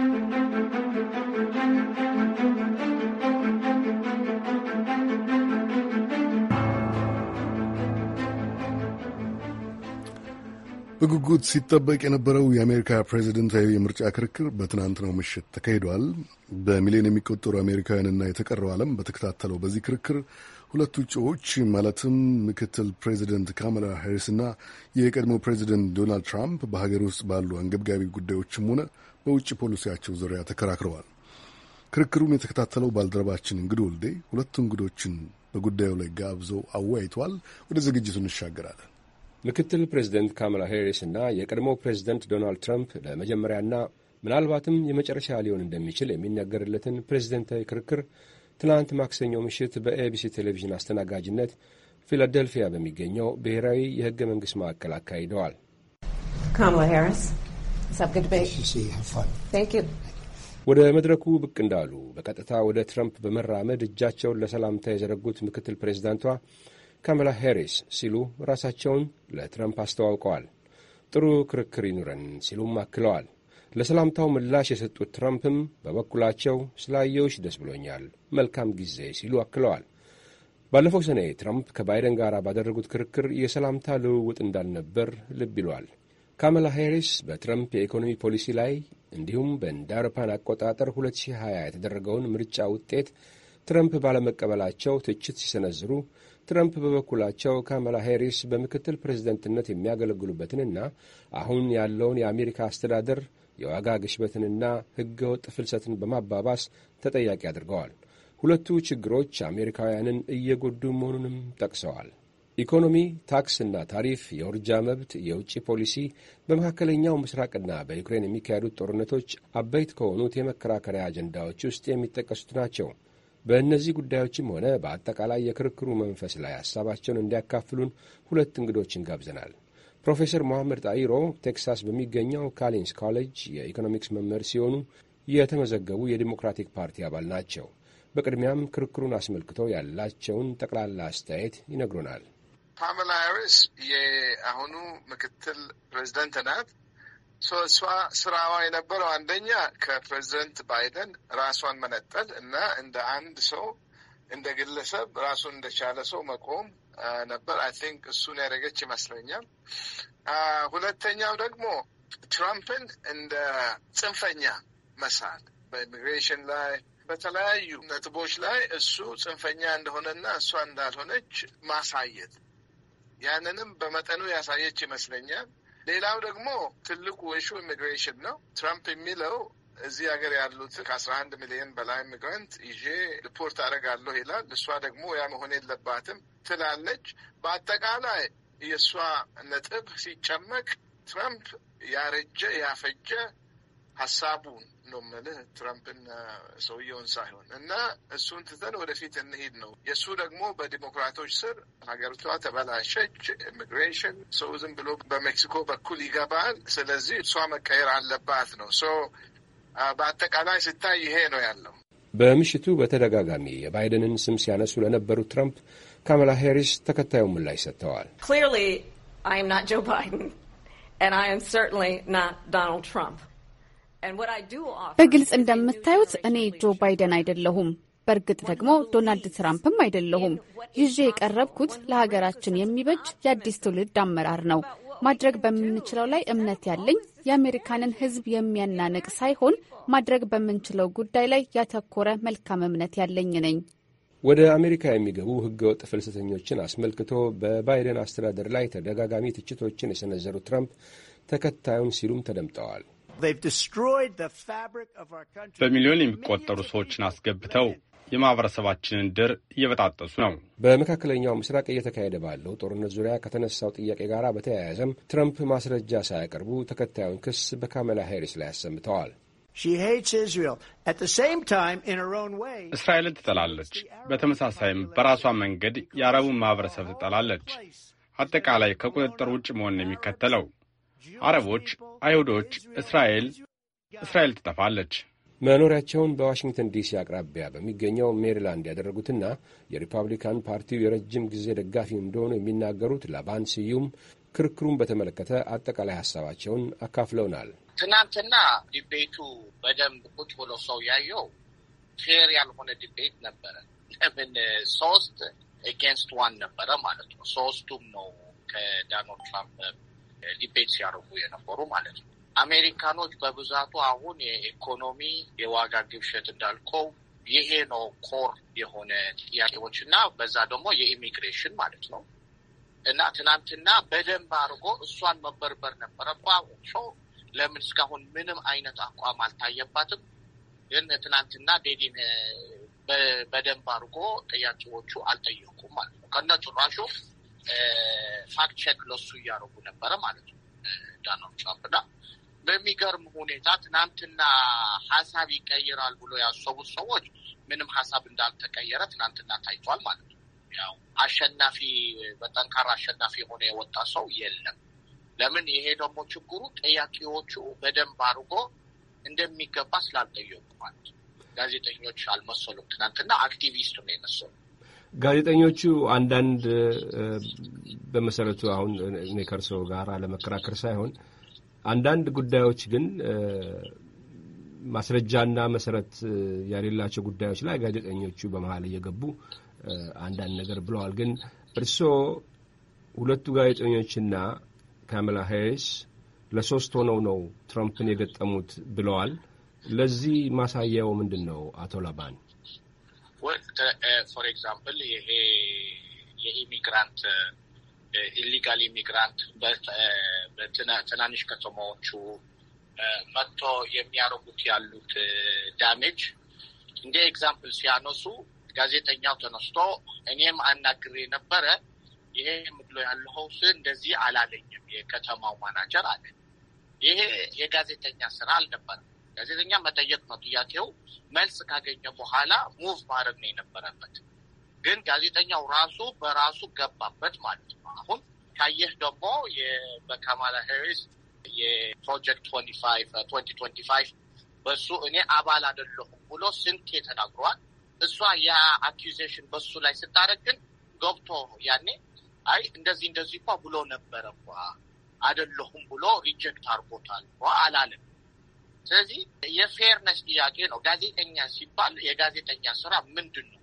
Música በጉጉት ሲጠበቅ የነበረው የአሜሪካ ፕሬዚደንታዊ የምርጫ ክርክር በትናንትናው ምሽት ተካሂደዋል። በሚሊዮን የሚቆጠሩ አሜሪካውያንና የተቀረው ዓለም በተከታተለው በዚህ ክርክር ሁለቱ እጩዎች ማለትም ምክትል ፕሬዚደንት ካማላ ሃሪስና የቀድሞ ፕሬዚደንት ዶናልድ ትራምፕ በሀገር ውስጥ ባሉ አንገብጋቢ ጉዳዮችም ሆነ በውጭ ፖሊሲያቸው ዙሪያ ተከራክረዋል። ክርክሩን የተከታተለው ባልደረባችን እንግዶ ወልዴ ሁለቱ እንግዶችን በጉዳዩ ላይ ጋብዘው አወያይተዋል። ወደ ዝግጅቱ እንሻገራለን። ምክትል ፕሬዚደንት ካማላ ሄሪስ እና የቀድሞው ፕሬዚደንት ዶናልድ ትራምፕ ለመጀመሪያና ምናልባትም የመጨረሻ ሊሆን እንደሚችል የሚነገርለትን ፕሬዚደንታዊ ክርክር ትናንት ማክሰኞ ምሽት በኤቢሲ ቴሌቪዥን አስተናጋጅነት ፊላደልፊያ በሚገኘው ብሔራዊ የሕገ መንግሥት ማዕከል አካሂደዋል። ወደ መድረኩ ብቅ እንዳሉ በቀጥታ ወደ ትረምፕ በመራመድ እጃቸውን ለሰላምታ የዘረጉት ምክትል ፕሬዚዳንቷ ካማላ ሄሪስ ሲሉ ራሳቸውን ለትረምፕ አስተዋውቀዋል። ጥሩ ክርክር ይኑረን ሲሉም አክለዋል። ለሰላምታው ምላሽ የሰጡት ትረምፕም በበኩላቸው ስላየውሽ ደስ ብሎኛል፣ መልካም ጊዜ ሲሉ አክለዋል። ባለፈው ሰኔ ትራምፕ ከባይደን ጋር ባደረጉት ክርክር የሰላምታ ልውውጥ እንዳልነበር ልብ ይሏል። ካማላ ሄሪስ በትረምፕ የኢኮኖሚ ፖሊሲ ላይ እንዲሁም በእንደ አውሮፓን አቆጣጠር 2020 የተደረገውን ምርጫ ውጤት ትረምፕ ባለመቀበላቸው ትችት ሲሰነዝሩ ትረምፕ በበኩላቸው ካማላ ሄሪስ በምክትል ፕሬዝደንትነት የሚያገለግሉበትንና አሁን ያለውን የአሜሪካ አስተዳደር የዋጋ ግሽበትንና ሕገ ወጥ ፍልሰትን በማባባስ ተጠያቂ አድርገዋል። ሁለቱ ችግሮች አሜሪካውያንን እየጎዱ መሆኑንም ጠቅሰዋል። ኢኮኖሚ፣ ታክስና ታሪፍ፣ የውርጃ መብት፣ የውጭ ፖሊሲ፣ በመካከለኛው ምስራቅና በዩክሬን የሚካሄዱት ጦርነቶች አበይት ከሆኑት የመከራከሪያ አጀንዳዎች ውስጥ የሚጠቀሱት ናቸው። በእነዚህ ጉዳዮችም ሆነ በአጠቃላይ የክርክሩ መንፈስ ላይ ሀሳባቸውን እንዲያካፍሉን ሁለት እንግዶችን ጋብዘናል። ፕሮፌሰር መሐመድ ጣይሮ ቴክሳስ በሚገኘው ካሊንስ ኮሌጅ የኢኮኖሚክስ መምህር ሲሆኑ የተመዘገቡ የዲሞክራቲክ ፓርቲ አባል ናቸው። በቅድሚያም ክርክሩን አስመልክቶ ያላቸውን ጠቅላላ አስተያየት ይነግሩናል። ፓምላ ሃሪስ የአሁኑ ምክትል ፕሬዚደንት ናት። እሷ ስራዋ የነበረው አንደኛ ከፕሬዚደንት ባይደን ራሷን መነጠል እና እንደ አንድ ሰው እንደ ግለሰብ ራሱን እንደቻለ ሰው መቆም ነበር። አይ ቲንክ እሱን ያደረገች ይመስለኛል። ሁለተኛው ደግሞ ትራምፕን እንደ ጽንፈኛ መሳል በኢሚግሬሽን ላይ በተለያዩ ነጥቦች ላይ እሱ ጽንፈኛ እንደሆነና እሷ እንዳልሆነች ማሳየት ያንንም በመጠኑ ያሳየች ይመስለኛል። ሌላው ደግሞ ትልቁ ኢሹ ኢሚግሬሽን ነው። ትራምፕ የሚለው እዚህ ሀገር ያሉት ከአስራ አንድ ሚሊዮን በላይ ኢሚግራንት ይዤ ሪፖርት አደርጋለሁ ይላል። እሷ ደግሞ ያ መሆን የለባትም ትላለች። በአጠቃላይ የእሷ ነጥብ ሲጨመቅ ትራምፕ ያረጀ ያፈጀ ሀሳቡ ነው የምልህ ትራምፕን ሰውየውን ሳይሆን እና እሱን ትተን ወደፊት እንሄድ ነው። የእሱ ደግሞ በዲሞክራቶች ስር ሀገሪቷ ተበላሸች፣ ኢሚግሬሽን ሰው ዝም ብሎ በሜክሲኮ በኩል ይገባል። ስለዚህ እሷ መቀየር አለባት ነው። ሶ በአጠቃላይ ስታይ ይሄ ነው ያለው። በምሽቱ በተደጋጋሚ የባይደንን ስም ሲያነሱ ለነበሩት ትራምፕ ካማላ ሄሪስ ተከታዩን ምላሽ ሰጥተዋል። ክሊርሊ አይ አም ናት ጆ ባይደን ኤንድ አይ አም ናት ዶናልድ ትራምፕ በግልጽ እንደምታዩት እኔ ጆ ባይደን አይደለሁም። በእርግጥ ደግሞ ዶናልድ ትራምፕም አይደለሁም። ይዤ የቀረብኩት ለሀገራችን የሚበጅ የአዲስ ትውልድ አመራር ነው። ማድረግ በምንችለው ላይ እምነት ያለኝ የአሜሪካንን ሕዝብ የሚያናንቅ ሳይሆን ማድረግ በምንችለው ጉዳይ ላይ ያተኮረ መልካም እምነት ያለኝ ነኝ። ወደ አሜሪካ የሚገቡ ሕገወጥ ፍልሰተኞችን አስመልክቶ በባይደን አስተዳደር ላይ ተደጋጋሚ ትችቶችን የሰነዘሩ ትራምፕ ተከታዩን ሲሉም ተደምጠዋል። በሚሊዮን የሚቆጠሩ ሰዎችን አስገብተው የማህበረሰባችንን ድር እየበጣጠሱ ነው። በመካከለኛው ምስራቅ እየተካሄደ ባለው ጦርነት ዙሪያ ከተነሳው ጥያቄ ጋር በተያያዘም ትረምፕ ማስረጃ ሳያቀርቡ ተከታዩን ክስ በካመላ ሄሪስ ላይ አሰምተዋል። እስራኤልን ትጠላለች፣ በተመሳሳይም በራሷ መንገድ የአረቡን ማህበረሰብ ትጠላለች። አጠቃላይ ከቁጥጥር ውጭ መሆን ነው የሚከተለው አረቦች፣ አይሁዶች፣ እስራኤል እስራኤል ትጠፋለች። መኖሪያቸውን በዋሽንግተን ዲሲ አቅራቢያ በሚገኘው ሜሪላንድ ያደረጉትና የሪፐብሊካን ፓርቲው የረጅም ጊዜ ደጋፊ እንደሆኑ የሚናገሩት ላባን ስዩም ክርክሩን በተመለከተ አጠቃላይ ሀሳባቸውን አካፍለውናል። ትናንትና ዲቤቱ በደንብ ቁጭ ብሎ ሰው ያየው ፌር ያልሆነ ዲቤት ነበረ። ለምን ሶስት ኤጌንስት ዋን ነበረ ማለት ነው። ሶስቱም ነው ከዳኖልድ ትራምፕ ዲቤት ሲያደርጉ የነበሩ ማለት ነው። አሜሪካኖች በብዛቱ አሁን የኢኮኖሚ የዋጋ ግብሸት እንዳልከው ይሄ ነው ኮር የሆነ ጥያቄዎች እና በዛ ደግሞ የኢሚግሬሽን ማለት ነው እና ትናንትና በደንብ አድርጎ እሷን መበርበር ነበረባቸው። ለምን እስካሁን ምንም አይነት አቋም አልታየባትም? ግን ትናንትና ዴዲን በደንብ አድርጎ ጥያቄዎቹ አልጠየቁም ማለት ነው ከነ ጭራሹ ፋክት ለሱ እያደረጉ ነበረ ማለት ነው ዶናልድ ትራምፕ እና በሚገርም ሁኔታ ትናንትና ሀሳብ ይቀይራል ብሎ ያሰቡት ሰዎች ምንም ሀሳብ እንዳልተቀየረ ትናንትና ታይቷል ማለት ነው። ያው አሸናፊ በጠንካራ አሸናፊ የሆነ የወጣ ሰው የለም። ለምን? ይሄ ደግሞ ችግሩ ጥያቄዎቹ በደንብ አድርጎ እንደሚገባ ስላልጠየቁ ማለት ነው። ጋዜጠኞች አልመሰሉም። ትናንትና አክቲቪስት ነው የመሰሉ ጋዜጠኞቹ አንዳንድ በመሰረቱ አሁን እኔ ጋር ለመከራከር ሳይሆን አንዳንድ ጉዳዮች ግን ማስረጃና መሰረት የሌላቸው ጉዳዮች ላይ ጋዜጠኞቹ በመሀል እየገቡ አንዳንድ ነገር ብለዋል። ግን እርስዎ ሁለቱ ጋዜጠኞችና ካሜላ ሃሪስ ለሶስት ሆነው ነው ትራምፕን የገጠሙት ብለዋል። ለዚህ ማሳያው ምንድን ነው? አቶ ላባን ፎር ኤግዛምፕል uh, ይሄ የኢሚግራንት ኢሊጋል ኢሚግራንት በትናንሽ ከተማዎቹ uh, መጥቶ የሚያደርጉት ያሉት ዳሜጅ uh, እንደ ኤግዛምፕል ሲያነሱ ጋዜጠኛው ተነስቶ እኔም አናግሬ ነበረ ይሄ ምድሎ ስ እንደዚህ አላለኝም የከተማው ማናጀር አለ። ይሄ የጋዜጠኛ ስራ አልነበረም። ጋዜጠኛ መጠየቅ ነው ጥያቄው። መልስ ካገኘ በኋላ ሙቭ ማድረግ ነው የነበረበት። ግን ጋዜጠኛው ራሱ በራሱ ገባበት ማለት ነው። አሁን ካየህ ደግሞ በካማላ ሄሪስ የፕሮጀክት ትወንቲ ፋይቭ uh, በሱ እኔ አባል አይደለሁም ብሎ ስንቴ ተናግሯል። እሷ ያ አኪዜሽን በሱ ላይ ስታደርግ ግን ገብቶ ያኔ አይ እንደዚህ እንደዚህ እኳ ብሎ ነበረ እኳ አይደለሁም ብሎ ሪጀክት አድርጎታል አላለም። ስለዚህ የፌርነስ ጥያቄ ነው። ጋዜጠኛ ሲባል የጋዜጠኛ ስራ ምንድን ነው?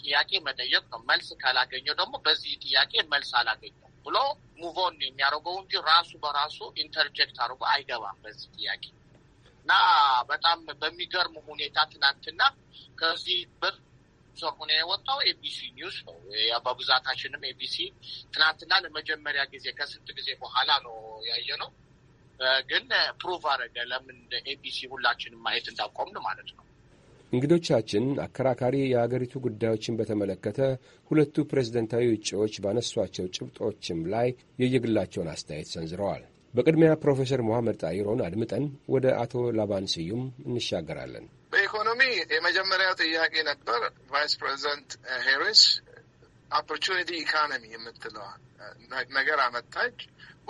ጥያቄ መጠየቅ ነው። መልስ ካላገኘው ደግሞ በዚህ ጥያቄ መልስ አላገኘው ብሎ ሙቮን የሚያደርገው እንጂ ራሱ በራሱ ኢንተርጀክት አድርጎ አይገባም በዚህ ጥያቄ እና በጣም በሚገርም ሁኔታ ትናንትና ከዚህ ብር ሆነ የወጣው ኤቢሲ ኒውስ ነው። በብዛታችንም ኤቢሲ ትናንትና ለመጀመሪያ ጊዜ ከስንት ጊዜ በኋላ ነው ያየ ነው ግን ፕሩቭ አረገ ለምን ኤቢሲ ሁላችንም ማየት እንዳቆምን ማለት ነው። እንግዶቻችን አከራካሪ የአገሪቱ ጉዳዮችን በተመለከተ ሁለቱ ፕሬዝደንታዊ እጩዎች ባነሷቸው ጭብጦችም ላይ የየግላቸውን አስተያየት ሰንዝረዋል። በቅድሚያ ፕሮፌሰር ሞሐመድ ጣይሮን አድምጠን ወደ አቶ ላባን ስዩም እንሻገራለን። በኢኮኖሚ የመጀመሪያው ጥያቄ ነበር ቫይስ ፕሬዚደንት ሄሪስ ኦፖርቹኒቲ ኢኮኖሚ የምትለዋል ነገር አመጣች።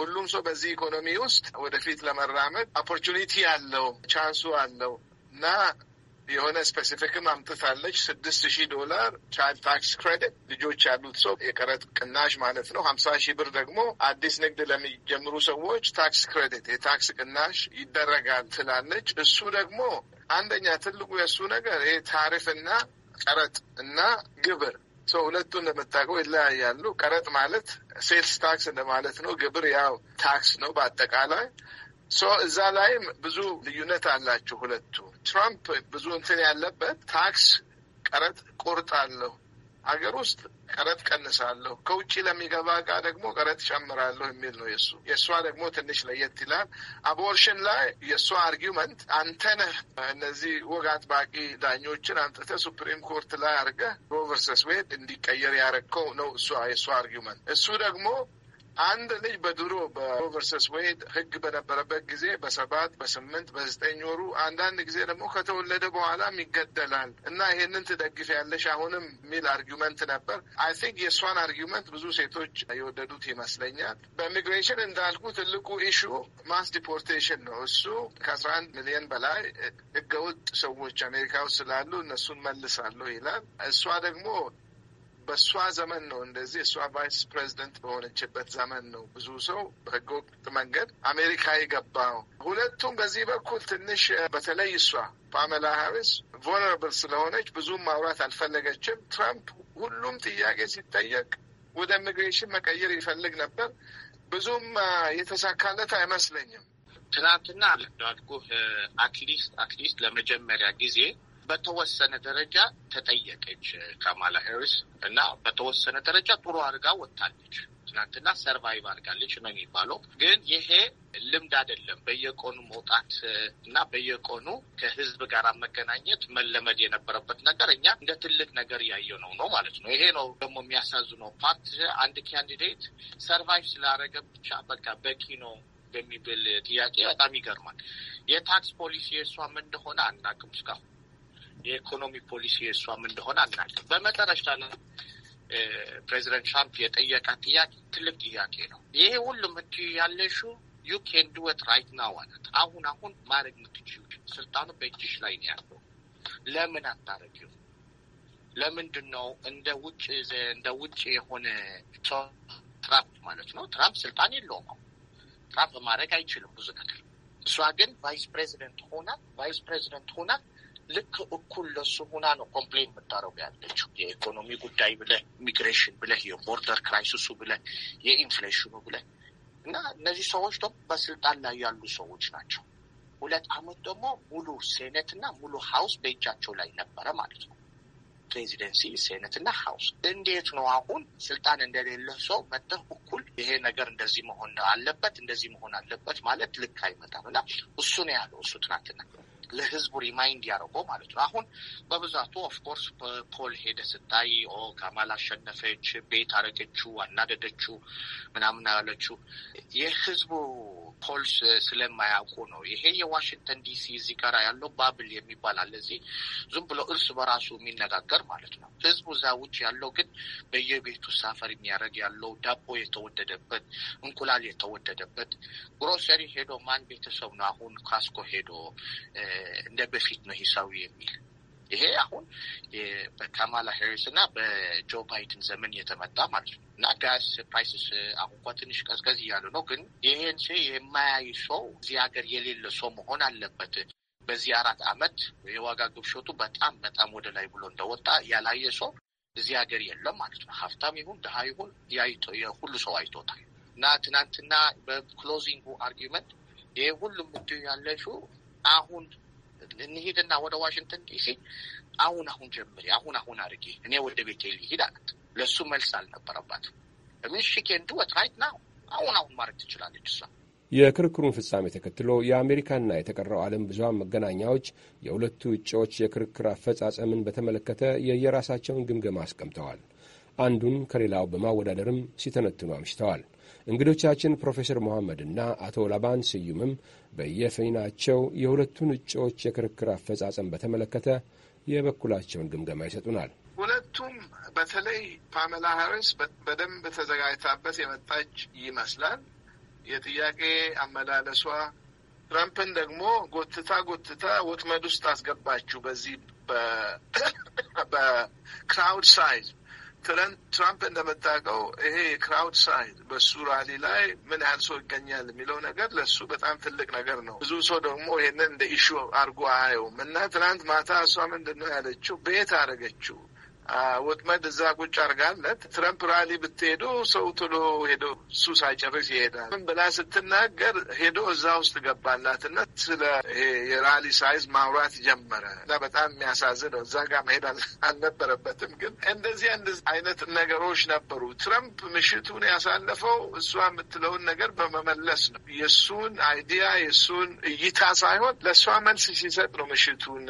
ሁሉም ሰው በዚህ ኢኮኖሚ ውስጥ ወደፊት ለመራመድ ኦፖርቹኒቲ አለው፣ ቻንሱ አለው እና የሆነ ስፔሲፊክም አምጥታለች። ስድስት ሺህ ዶላር ቻይልድ ታክስ ክሬዲት ልጆች ያሉት ሰው የቀረጥ ቅናሽ ማለት ነው። ሀምሳ ሺህ ብር ደግሞ አዲስ ንግድ ለሚጀምሩ ሰዎች ታክስ ክሬዲት የታክስ ቅናሽ ይደረጋል ትላለች። እሱ ደግሞ አንደኛ ትልቁ የእሱ ነገር ይሄ ታሪፍና ቀረጥ እና ግብር ሰው ሁለቱን ለመታቀው ይለያያሉ። ቀረጥ ማለት ሴልስ ታክስ እንደማለት ነው። ግብር ያው ታክስ ነው በአጠቃላይ ሶ እዛ ላይም ብዙ ልዩነት አላቸው ሁለቱ። ትራምፕ ብዙ እንትን ያለበት ታክስ ቀረጥ ቁርጥ አለው። አገር ውስጥ ቀረጥ ቀንሳለሁ፣ ከውጭ ለሚገባ እቃ ደግሞ ቀረጥ ጨምራለሁ የሚል ነው የሱ። የእሷ ደግሞ ትንሽ ለየት ይላል። አቦርሽን ላይ የእሷ አርጊመንት አንተነ እነዚህ ወግ አጥባቂ ዳኞችን አንጥተህ ሱፕሪም ኮርት ላይ አድርገህ ሮ ቨርሰስ ዌድ እንዲቀየር ያረግከው ነው እሷ የእሷ አርጊመንት። እሱ ደግሞ አንድ ልጅ በድሮ በሮ ቨርሰስ ህግ በነበረበት ጊዜ በሰባት በስምንት በዘጠኝ ወሩ አንዳንድ ጊዜ ደግሞ ከተወለደ በኋላም ይገደላል እና ይሄንን ትደግፍ ያለሽ አሁንም የሚል አርጊመንት ነበር። አይ ቲንክ የእሷን አርጊመንት ብዙ ሴቶች የወደዱት ይመስለኛል። በኢሚግሬሽን እንዳልኩ ትልቁ ኢሹ ማስ ዲፖርቴሽን ነው። እሱ ከአስራ አንድ ሚሊዮን በላይ ህገወጥ ሰዎች አሜሪካ ውስጥ ስላሉ እነሱን መልሳለሁ ይላል። እሷ ደግሞ በእሷ ዘመን ነው እንደዚህ እሷ ቫይስ ፕሬዚደንት በሆነችበት ዘመን ነው ብዙ ሰው በህገ ወጥ መንገድ አሜሪካ የገባው። ሁለቱም በዚህ በኩል ትንሽ በተለይ እሷ ፓሜላ ሃሪስ ቮነራብል ስለሆነች ብዙም ማውራት አልፈለገችም። ትራምፕ ሁሉም ጥያቄ ሲጠየቅ ወደ ኢሚግሬሽን መቀየር ይፈልግ ነበር። ብዙም የተሳካለት አይመስለኝም። ትናንትና እንዳልኩህ አትሊስት አትሊስት ለመጀመሪያ ጊዜ በተወሰነ ደረጃ ተጠየቀች ካማላ ሄሪስ እና በተወሰነ ደረጃ ጥሩ አድርጋ ወጥታለች። ትናንትና ሰርቫይቭ አድርጋለች ነው የሚባለው። ግን ይሄ ልምድ አይደለም። በየቀኑ መውጣት እና በየቀኑ ከህዝብ ጋር መገናኘት መለመድ የነበረበት ነገር እኛ እንደ ትልቅ ነገር ያየ ነው ነው ማለት ነው። ይሄ ነው ደግሞ የሚያሳዝነው ፓርት አንድ ካንዲዴት ሰርቫይቭ ስላደረገ ብቻ በቃ በቂ ነው በሚብል ጥያቄ በጣም ይገርማል። የታክስ ፖሊሲ የእሷም እንደሆነ አናውቅም እስካሁን የኢኮኖሚ ፖሊሲ የእሷም እንደሆነ አናውቅም። በመጨረሻ ላይ ፕሬዚደንት ትራምፕ የጠየቃ ጥያቄ ትልቅ ጥያቄ ነው። ይሄ ሁሉም ህድ ያለሹ ዩ ኬን ዱ ኢት ራይት ናው አለት። አሁን አሁን ማድረግ የምትችይው ስልጣኑ በእጅሽ ላይ ነው ያለው፣ ለምን አታረጊው? ለምንድን ነው እንደ ውጭ እንደ ውጭ የሆነ ትራምፕ ማለት ነው። ትራምፕ ስልጣን የለውም። ትራምፕ ማድረግ አይችልም ብዙ ነገር። እሷ ግን ቫይስ ፕሬዚደንት ሆና ቫይስ ፕሬዚደንት ሆና ልክ እኩል ለሱ ሁና ነው ኮምፕሌን የምታደረጉ ያለችው። የኢኮኖሚ ጉዳይ ብለ፣ ኢሚግሬሽን ብለ፣ የቦርደር ክራይሲሱ ብለ፣ የኢንፍሌሽኑ ብለ እና እነዚህ ሰዎች ደግሞ በስልጣን ላይ ያሉ ሰዎች ናቸው። ሁለት አመት ደግሞ ሙሉ ሴኔት እና ሙሉ ሀውስ በእጃቸው ላይ ነበረ ማለት ነው። ፕሬዚደንሲ፣ ሴኔት እና ሀውስ። እንዴት ነው አሁን ስልጣን እንደሌለ ሰው መጠን እኩል ይሄ ነገር እንደዚህ መሆን አለበት እንደዚህ መሆን አለበት ማለት ልክ አይመጣም እና እሱ ነው ያለው እሱ ትናንትና ለህዝቡ ሪማይንድ ያደረገው ማለት ነው። አሁን በብዛቱ ኦፍኮርስ ፖል ሄደ ስታይ ኦ ካማል አሸነፈች፣ ቤት አረገችው፣ አናደደችው፣ ምናምን አላለችው የህዝቡ ፖልስ ስለማያውቁ ነው። ይሄ የዋሽንግተን ዲሲ እዚህ ጋር ያለው ባብል የሚባል አለ። እዚህ ዝም ብሎ እርስ በራሱ የሚነጋገር ማለት ነው። ህዝቡ እዛ ውጭ ያለው ግን በየቤቱ ሳፈር የሚያደርግ ያለው ዳቦ የተወደደበት፣ እንቁላል የተወደደበት ግሮሰሪ ሄዶ ማን ቤተሰብ ነው አሁን ካስኮ ሄዶ እንደ በፊት ነው ሂሳዊ የሚል ይሄ አሁን በካማላ ሄሪስ እና በጆ ባይደን ዘመን የተመጣ ማለት ነው እና ጋስ ፕራይስስ አሁን እንኳ ትንሽ ቀዝቀዝ እያሉ ነው። ግን ይሄን ሴ የማያይ ሰው እዚህ ሀገር የሌለ ሰው መሆን አለበት። በዚህ አራት አመት የዋጋ ግብሾቱ በጣም በጣም ወደ ላይ ብሎ እንደወጣ ያላየ ሰው እዚህ ሀገር የለም ማለት ነው። ሀብታም ይሁን ድሃ ይሁን ሁሉ ሰው አይቶታል። እና ትናንትና በክሎዚንጉ አርጊመንት ይሄ ሁሉ ምድ ያለሹ አሁን እንሂድና ወደ ዋሽንግተን ዲሲ አሁን አሁን ጀምሪ፣ አሁን አሁን አድርጊ፣ እኔ ወደ ቤቴ ልሂድ አላት። ለእሱ መልስ አልነበረባትም። ምን ሽኬንዱ ራይት ናው አሁን አሁን ማድረግ ትችላለች እሷ። የክርክሩን ፍጻሜ ተከትሎ የአሜሪካና የተቀረው ዓለም ብዙኃን መገናኛዎች የሁለቱ እጩዎች የክርክር አፈጻጸምን በተመለከተ የየራሳቸውን ግምገማ አስቀምጠዋል። አንዱን ከሌላው በማወዳደርም ሲተነትኑ አምሽተዋል። እንግዶቻችን ፕሮፌሰር መሐመድና አቶ ላባን ስዩምም በየፊናቸው የሁለቱን እጩዎች የክርክር አፈጻጸም በተመለከተ የበኩላቸውን ግምገማ ይሰጡናል። ሁለቱም በተለይ ፓመላ ሀሪስ በደንብ ተዘጋጅታበት የመጣች ይመስላል። የጥያቄ አመላለሷ ትራምፕን ደግሞ ጎትታ ጎትታ ወጥመድ ውስጥ አስገባችሁ። በዚህ በክራውድ ሳይዝ ትራምፕ እንደምታውቀው ይሄ ክራውድ ሳይድ በሱ ራሊ ላይ ምን ያህል ሰው ይገኛል የሚለው ነገር ለሱ በጣም ትልቅ ነገር ነው። ብዙ ሰው ደግሞ ይሄንን እንደ ኢሹ አድርጎ አየውም እና ትናንት ማታ እሷ ምንድን ነው ያለችው? ቤት አደረገችው ወጥመድ እዛ ቁጭ አርጋለት ትረምፕ ራሊ ብትሄዱ ሰው ቶሎ ሄዶ እሱ ሳይጨርስ ይሄዳል። ምን ብላ ስትናገር ሄዶ እዛ ውስጥ ገባላትና ስለ የራሊ ሳይዝ ማውራት ጀመረ እና በጣም የሚያሳዝን ነው። እዛ ጋር መሄድ አልነበረበትም። ግን እንደዚህ አንድ አይነት ነገሮች ነበሩ። ትረምፕ ምሽቱን ያሳለፈው እሷ የምትለውን ነገር በመመለስ ነው። የእሱን አይዲያ የእሱን እይታ ሳይሆን ለእሷ መልስ ሲሰጥ ነው ምሽቱን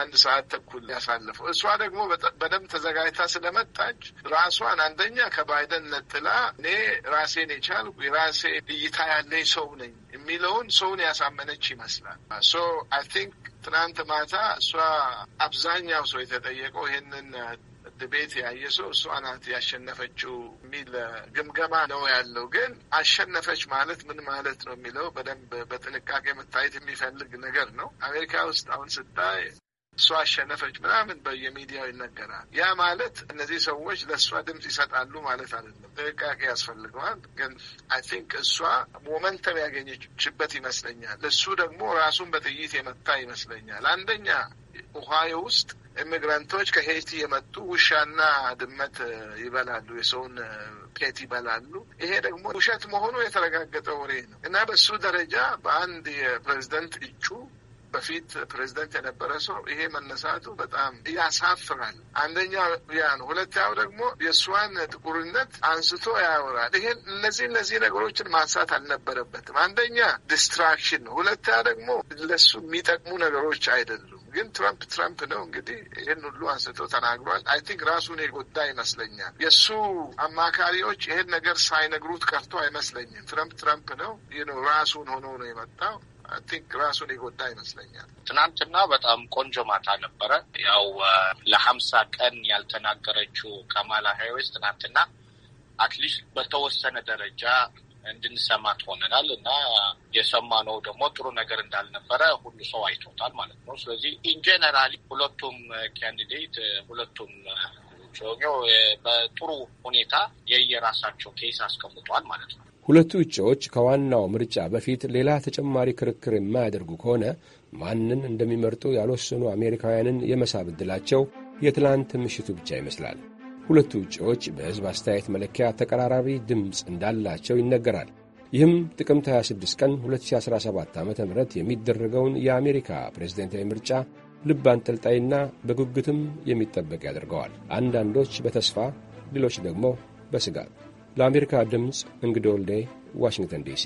አንድ ሰዓት ተኩል ያሳለፈው። እሷ ደግሞ በደ በደንብ ተዘጋጅታ ስለመጣች ራሷን አንደኛ ከባይደን ነጥላ እኔ ራሴን የቻልኩ የራሴ እይታ ያለኝ ሰው ነኝ የሚለውን ሰውን ያሳመነች ይመስላል። ሶ አይ ቲንክ ትናንት ማታ እሷ አብዛኛው ሰው የተጠየቀው ይህንን ቤት ያየ ሰው እሷ ናት ያሸነፈችው የሚል ግምገማ ነው ያለው። ግን አሸነፈች ማለት ምን ማለት ነው የሚለው በደንብ በጥንቃቄ መታየት የሚፈልግ ነገር ነው። አሜሪካ ውስጥ አሁን ስታይ እሷ አሸነፈች ምናምን በየሚዲያው ይነገራል። ያ ማለት እነዚህ ሰዎች ለእሷ ድምፅ ይሰጣሉ ማለት አይደለም። ጥንቃቄ ያስፈልገዋል። ግን አይ ቲንክ እሷ ሞመንተም ያገኘችበት ይመስለኛል። እሱ ደግሞ ራሱን በጥይት የመታ ይመስለኛል። አንደኛ ኦሃዮ ውስጥ ኢሚግራንቶች ከሄይቲ የመጡ ውሻና ድመት ይበላሉ፣ የሰውን ፔት ይበላሉ። ይሄ ደግሞ ውሸት መሆኑ የተረጋገጠ ወሬ ነው እና በሱ ደረጃ በአንድ የፕሬዚደንት እጩ በፊት ፕሬዚደንት የነበረ ሰው ይሄ መነሳቱ በጣም ያሳፍራል። አንደኛ ያ ነው። ሁለተኛው ደግሞ የእሷን ጥቁርነት አንስቶ ያወራል። ይሄን እነዚህ እነዚህ ነገሮችን ማንሳት አልነበረበትም። አንደኛ ዲስትራክሽን ነው። ሁለተኛ ደግሞ ለሱ የሚጠቅሙ ነገሮች አይደሉም። ግን ትራምፕ ትራምፕ ነው እንግዲህ ይህን ሁሉ አንስቶ ተናግሯል። አይ ቲንክ ራሱን የጎዳ ይመስለኛል። የእሱ አማካሪዎች ይህን ነገር ሳይነግሩት ቀርቶ አይመስለኝም። ትራምፕ ትራምፕ ነው ይህ ነው ራሱን ሆኖ ነው የመጣው አይ ቲንክ ራሱን የጎዳ ይመስለኛል። ትናንትና በጣም ቆንጆ ማታ ነበረ። ያው ለሀምሳ ቀን ያልተናገረችው ከማላ ሃሪስ ትናንትና አትሊስት በተወሰነ ደረጃ እንድንሰማ ሆነናል እና የሰማነው ደግሞ ጥሩ ነገር እንዳልነበረ ሁሉ ሰው አይቶታል ማለት ነው። ስለዚህ ኢንጀነራል ሁለቱም ካንዲዴት ሁለቱም ጆኞ በጥሩ ሁኔታ የየራሳቸው ኬስ አስቀምጧል ማለት ነው። ሁለቱ እጩዎች ከዋናው ምርጫ በፊት ሌላ ተጨማሪ ክርክር የማያደርጉ ከሆነ ማንን እንደሚመርጡ ያልወሰኑ አሜሪካውያንን የመሳብ ዕድላቸው የትላንት ምሽቱ ብቻ ይመስላል። ሁለቱ እጩዎች በሕዝብ አስተያየት መለኪያ ተቀራራቢ ድምፅ እንዳላቸው ይነገራል። ይህም ጥቅምት 26 ቀን 2017 ዓ ም የሚደረገውን የአሜሪካ ፕሬዝደንታዊ ምርጫ ልብ አንጠልጣይና በጉጉትም የሚጠበቅ ያደርገዋል። አንዳንዶች በተስፋ ሌሎች ደግሞ በስጋት ለአሜሪካ ድምፅ እንግዶ ወልዴ ዋሽንግተን ዲሲ